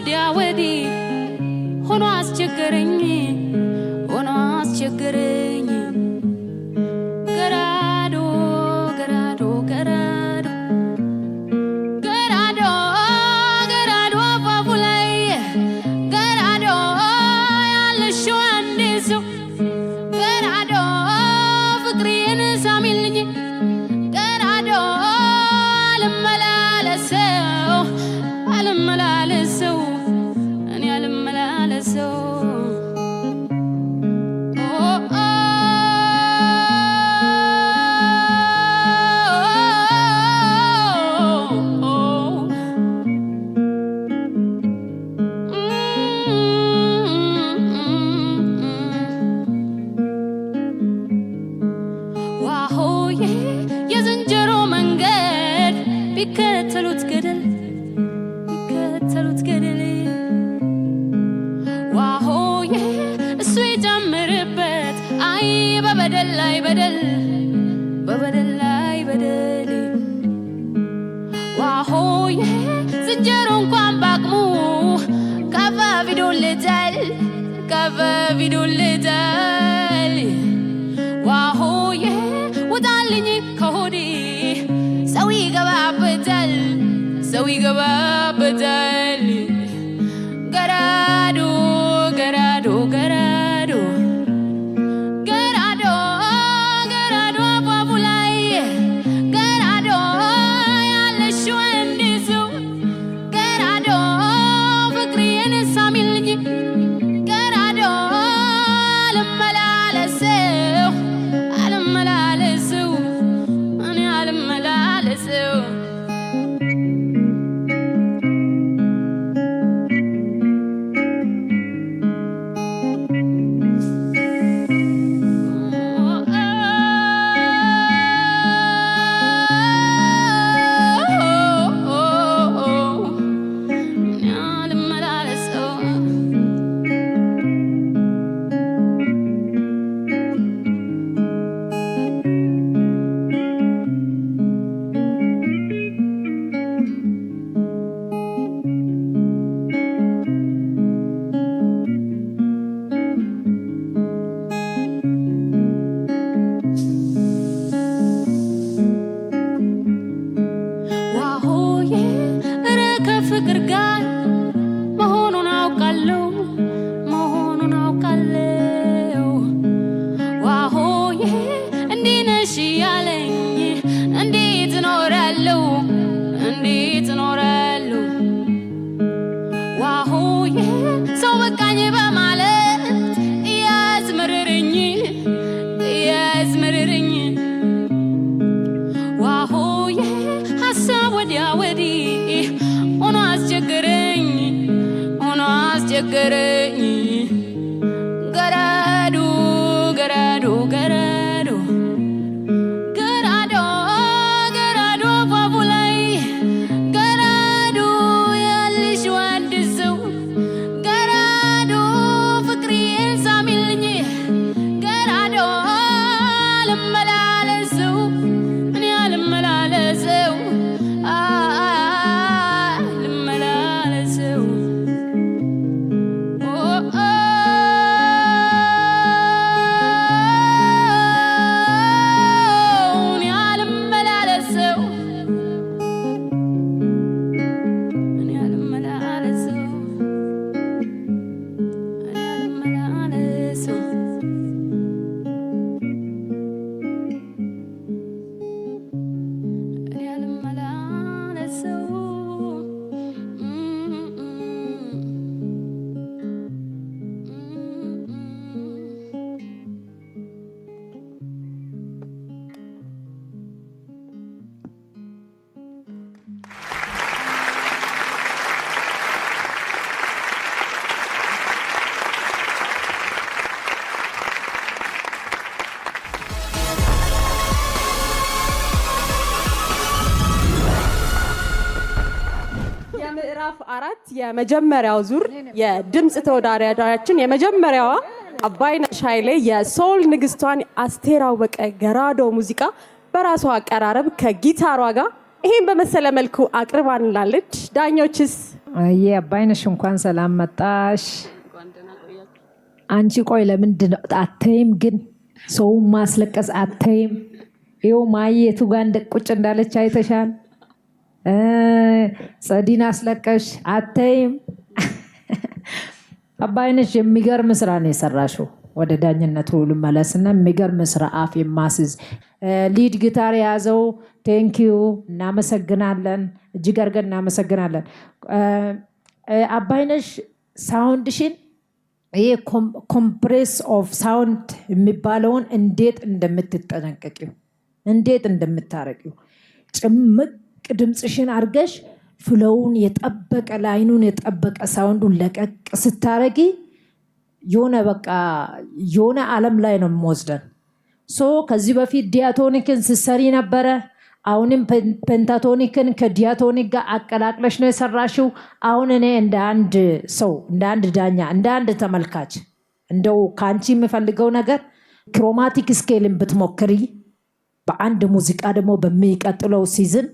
ወዲያ ወዲህ ሆኖ አስቸገረኝ። aveva vidoleda so አራት የመጀመሪያው ዙር የድምፅ ተወዳዳሪያችን የመጀመሪያዋ አባይነሽ ኃይሌ የሶል ንግስቷን አስቴር አወቀ ገራዶ ሙዚቃ በራሷ አቀራረብ ከጊታሯ ጋር ይህን በመሰለ መልኩ እንላለች። ዳኞችስ ይ አባይነሽ እንኳን ሰላም መጣሽ። አንቺ ቆይ ለምንድን አተይም? ግን ሰውን ማስለቀስ አተይም? ይኸው ማየቱ ጋር እንደቁጭ እንዳለች አይተሻል። ጸዲን አስለቀሽ አተይም አባይነሽ የሚገርም ስራ ነው የሰራሽው። ወደ ዳኝነቱ ልመለስና የሚገርም ስራ አፍ የማስዝ ሊድ ጊታር የያዘው ቴንኪዩ፣ እናመሰግናለን። እጅግ አድርገን እናመሰግናለን። አባይነሽ ሳውንድሽን ይሄ ኮምፕሬስ ኦፍ ሳውንድ የሚባለውን እንዴት እንደምትጠነቀቂው እንዴት እንደምታረቂው ጭምቅ ድምፅሽን አርገሽ ፍሎውን የጠበቀ ላይኑን የጠበቀ ሳውንዱን ለቀቅ ስታረጊ የሆነ በቃ የሆነ ዓለም ላይ ነው የምወስደን። ሶ ከዚህ በፊት ዲያቶኒክን ስሰሪ ነበረ። አሁንም ፔንታቶኒክን ከዲያቶኒክ ጋር አቀላቅለሽ ነው የሰራሽው። አሁን እኔ እንደ አንድ ሰው፣ እንደ አንድ ዳኛ፣ እንደ አንድ ተመልካች እንደው ከአንቺ የምፈልገው ነገር ክሮማቲክ ስኬልን ብትሞክሪ በአንድ ሙዚቃ ደግሞ በሚቀጥለው ሲዝን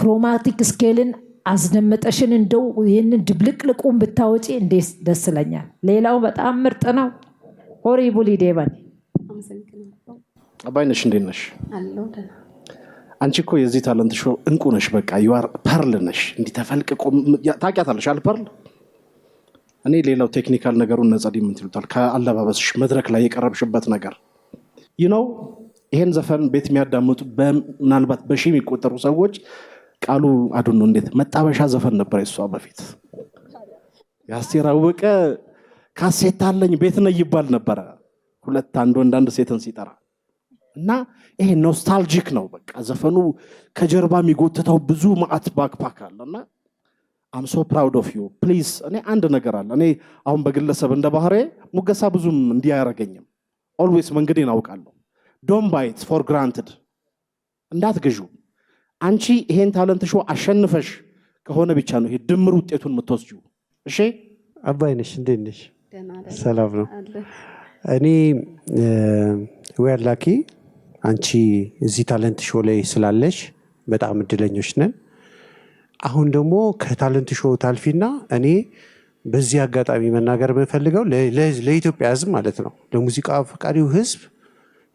ክሮማቲክ ስኬልን አስደምጠሽን እንደው ይህንን ድብልቅልቁን ብታወጪ እንዴት ደስ ይለኛል። ሌላው በጣም ምርጥ ነው። ሆሪቡል ዴበን አባይነሽ እንዴት ነሽ? አንቺ እኮ የዚህ ታለንት ሾ እንቁ ነሽ። በቃ ዩአር ፐርል ነሽ። እንዲህ ተፈልቅቆ ታውቂያታለሽ አል ፐርል እኔ ሌላው ቴክኒካል ነገሩን ነጸድ የምትሉታል ከአለባበስሽ መድረክ ላይ የቀረብሽበት ነገር ይነው። ይሄን ዘፈን ቤት የሚያዳምጡ ምናልባት በሺ የሚቆጠሩ ሰዎች ቃሉ አዱን እንዴት መጣበሻ ዘፈን ነበር የሷ በፊት የአስቴር አወቀ ካሴት አለኝ ቤት ነ ይባል ነበረ። ሁለት አንድ ወንድ አንድ ሴትን ሲጠራ እና ይሄ ኖስታልጂክ ነው። በቃ ዘፈኑ ከጀርባ የሚጎትተው ብዙ ማዕት ባክፓክ አለ እና አም ሶ ፕራውድ ኦፍ ዩ ፕሊዝ። እኔ አንድ ነገር አለ። እኔ አሁን በግለሰብ እንደ ባህሬ ሙገሳ ብዙም እንዲህ አያረገኝም። ኦልዌይስ መንገዴን አውቃለሁ። ዶን ባይት ፎር ግራንትድ እንዳትገዥው አንቺ ይሄን ታለንት ሾ አሸንፈሽ ከሆነ ብቻ ነው ድምር ውጤቱን የምትወስጂው። እሺ አባይነሽ፣ እንዴት ነሽ? ሰላም ነው። እኔ ዌር ላኪ አንቺ እዚህ ታለንት ሾ ላይ ስላለሽ በጣም እድለኞች ነን። አሁን ደግሞ ከታለንት ሾው ታልፊና እኔ በዚህ አጋጣሚ መናገር የምፈልገው ለኢትዮጵያ ሕዝብ ማለት ነው ለሙዚቃ ፈቃሪው ሕዝብ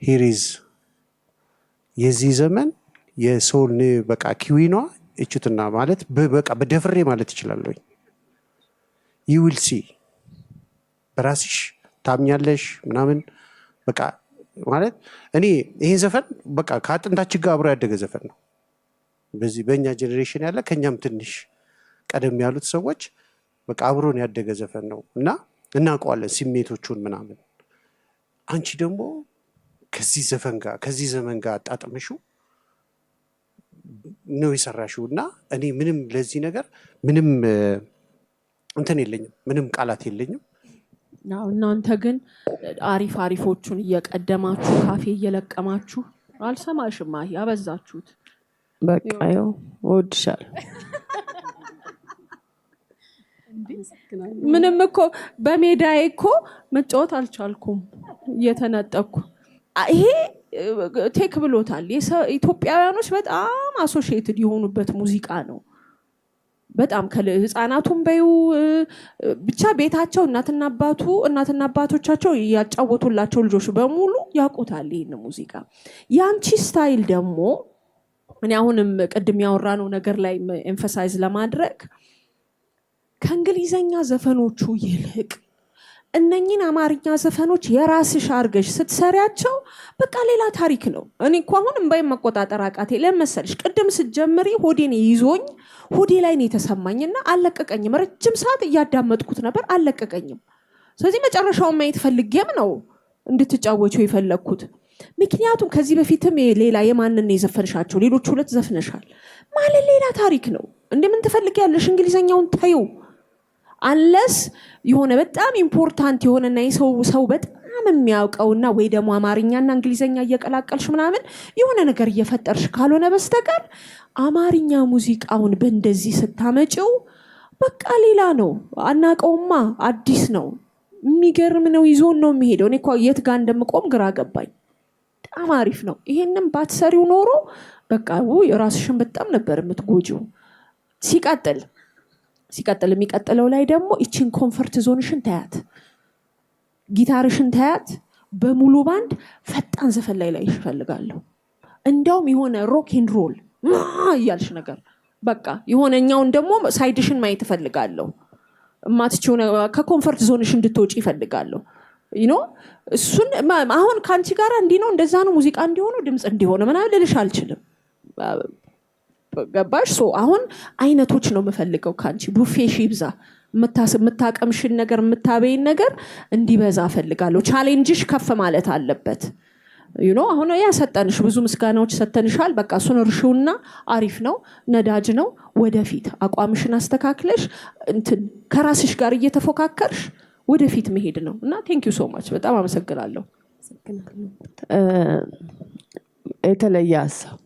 ሂሪዝ የዚህ ዘመን የሰውን በቃ ኪዊኗ እችትና ማለት በቃ በደፍሬ ማለት ይችላለኝ። ሲ በራስሽ ታምኛለሽ ምናምን በቃ ማለት እኔ ይሄን ዘፈን በቃ ከአጥንታችን ጋር አብሮ ያደገ ዘፈን ነው። በዚህ በእኛ ጀኔሬሽን ያለ ከእኛም ትንሽ ቀደም ያሉት ሰዎች በቃ አብሮን ያደገ ዘፈን ነው እና እናውቀዋለን ስሜቶቹን ምናምን። አንቺ ደግሞ ከዚህ ዘፈን ጋር ከዚህ ዘመን ጋር አጣጥምሽው ነው የሰራሽው እና እኔ ምንም ለዚህ ነገር ምንም እንትን የለኝም፣ ምንም ቃላት የለኝም። እናንተ ግን አሪፍ አሪፎቹን እየቀደማችሁ ካፌ እየለቀማችሁ አልሰማሽም። ያበዛችሁት አበዛችሁት። በቃ ው ወድሻል ምንም እኮ በሜዳዬ እኮ መጫወት አልቻልኩም፣ እየተነጠኩ ይሄ ቴክ ብሎታል። ኢትዮጵያውያኖች በጣም አሶሽትድ የሆኑበት ሙዚቃ ነው። በጣም ህፃናቱን በዩ ብቻ ቤታቸው እናትና አባቱ እናትና አባቶቻቸው ያጫወቱላቸው ልጆች በሙሉ ያውቁታል ይህን ሙዚቃ። የአንቺ ስታይል ደግሞ እኔ አሁንም ቅድም ያወራነው ነገር ላይ ኤንፈሳይዝ ለማድረግ ከእንግሊዘኛ ዘፈኖቹ ይልቅ እነኝን አማርኛ ዘፈኖች የራስሽ አርገሽ ስትሰሪያቸው በቃ ሌላ ታሪክ ነው። እኔ እኮ አሁን እምባይን መቆጣጠር አቃቴ። ለምን ቅድም ስትጀምሪ ሆዴን ይዞኝ ሆዴ ላይ ነው የተሰማኝና አለቀቀኝም። ረጅም ሰዓት እያዳመጥኩት ነበር፣ አለቀቀኝም። ስለዚህ መጨረሻውን ማየት ፈልጌም ነው እንድትጫወቸው የፈለግኩት። ምክንያቱም ከዚህ በፊትም ሌላ የማንን የዘፈንሻቸው ሌሎች ሁለት ዘፍነሻል ማለት ሌላ ታሪክ ነው። እንደምን ትፈልጊያለሽ? እንግሊዘኛውን ታዩ አንለስ የሆነ በጣም ኢምፖርታንት የሆነና የሰው ሰው በጣም የሚያውቀውና ወይ ደግሞ አማርኛና እንግሊዝኛ እየቀላቀልሽ ምናምን የሆነ ነገር እየፈጠርሽ ካልሆነ በስተቀር አማርኛ ሙዚቃውን በእንደዚህ ስታመጪው በቃ ሌላ ነው። አናቀውማ፣ አዲስ ነው፣ የሚገርም ነው፣ ይዞን ነው የሚሄደው። እኔ እኮ የት ጋር እንደምቆም ግራ ገባኝ። በጣም አሪፍ ነው። ይሄንም ባትሰሪው ኖሮ በቃ ው በጣም ነበር የምትጎጂው። ሲቀጥል ሲቀጥል የሚቀጥለው ላይ ደግሞ ይችን ኮንፈርት ዞንሽን ታያት፣ ጊታርሽን ታያት። በሙሉ ባንድ ፈጣን ዘፈን ላይ ላይሽ እፈልጋለሁ። እንዲያውም የሆነ ሮክ ኤንድ ሮል እያልሽ ነገር በቃ የሆነኛውን ደግሞ ሳይድሽን ማየት እፈልጋለሁ። ማትችው ከኮንፈርት ዞንሽ እንድትወጪ ይፈልጋለሁ። ይኖ እሱን አሁን ከአንቺ ጋር እንዲህ ነው እንደዛ ነው ሙዚቃ እንዲሆኑ ድምፅ እንዲሆነ ምናምን ልልሽ አልችልም። ገባሽ? ሶ አሁን አይነቶች ነው የምፈልገው ከአንቺ ቡፌሽ ይብዛ። የምታቀምሽን ነገር የምታበይን ነገር እንዲበዛ ፈልጋለሁ ቻሌንጅሽ ከፍ ማለት አለበት። ዩኖ አሁን ያ ሰጠንሽ ብዙ ምስጋናዎች ሰተንሻል። በቃ እሱን እርሺውና አሪፍ ነው፣ ነዳጅ ነው። ወደፊት አቋምሽን አስተካክለሽ እንትን ከራስሽ ጋር እየተፎካከርሽ ወደፊት መሄድ ነው እና ቴንክ ዩ ሶ ማች በጣም አመሰግናለሁ። የተለየ ሀሳብ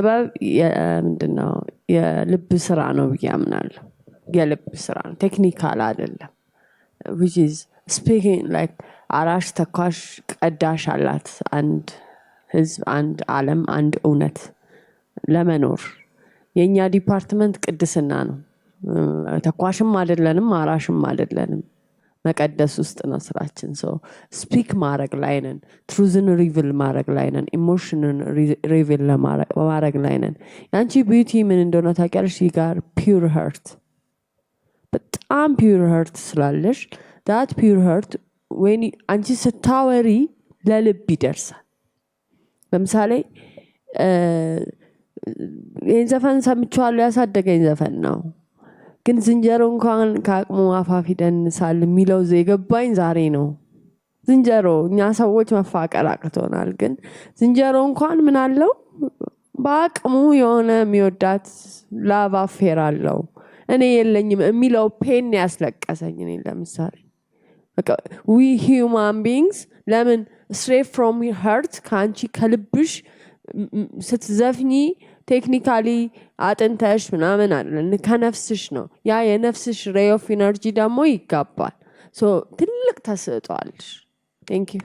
ጥበብ ምንድን ነው? የልብ ስራ ነው ብዬ አምናለሁ። የልብ ስራ ነው፣ ቴክኒካል አይደለም። ዊችዝ ስፒኪንግ ላይክ አራሽ፣ ተኳሽ፣ ቀዳሽ አላት አንድ ህዝብ፣ አንድ አለም፣ አንድ እውነት ለመኖር የእኛ ዲፓርትመንት ቅድስና ነው። ተኳሽም አይደለንም፣ አራሽም አይደለንም። መቀደስ ውስጥ ነው ስራችን። ሰው ስፒክ ማድረግ ላይ ነን። ትሩዝን ሪቪል ማድረግ ላይ ነን። ኢሞሽንን ሪቪል ማድረግ ላይ ነን። የአንቺ ቢዩቲ ምን እንደሆነ ታውቂያለሽ። ጋር ፒር ሀርት በጣም ፒር ሀርት ስላለሽ ዳት ፒር ሀርት ወይ አንቺ ስታወሪ ለልብ ይደርሳል። ለምሳሌ ይህን ዘፈን ሰምቼዋለሁ፣ ያሳደገኝ ዘፈን ነው ግን ዝንጀሮ እንኳን ከአቅሙ አፋፍ ይደንሳል የሚለው የገባኝ ዛሬ ነው። ዝንጀሮ እኛ ሰዎች መፋቀር አቅቶናል። ግን ዝንጀሮ እንኳን ምን አለው በአቅሙ የሆነ የሚወዳት ላቭ አፌር አለው። እኔ የለኝም የሚለው ፔን ያስለቀሰኝ እኔ ለምሳሌ ዊ ሂውማን ቢንግስ ለምን ስትሬት ፍሮም ሀርት ከአንቺ ከልብሽ ስትዘፍኚ ቴክኒካሊ አጥንተሽ ምናምን አለ ከነፍስሽ ነው። ያ የነፍስሽ ሬይ ኦፍ ኢነርጂ ደግሞ ይጋባል። ትልቅ ተሰጥኦ ቴንክ ዩ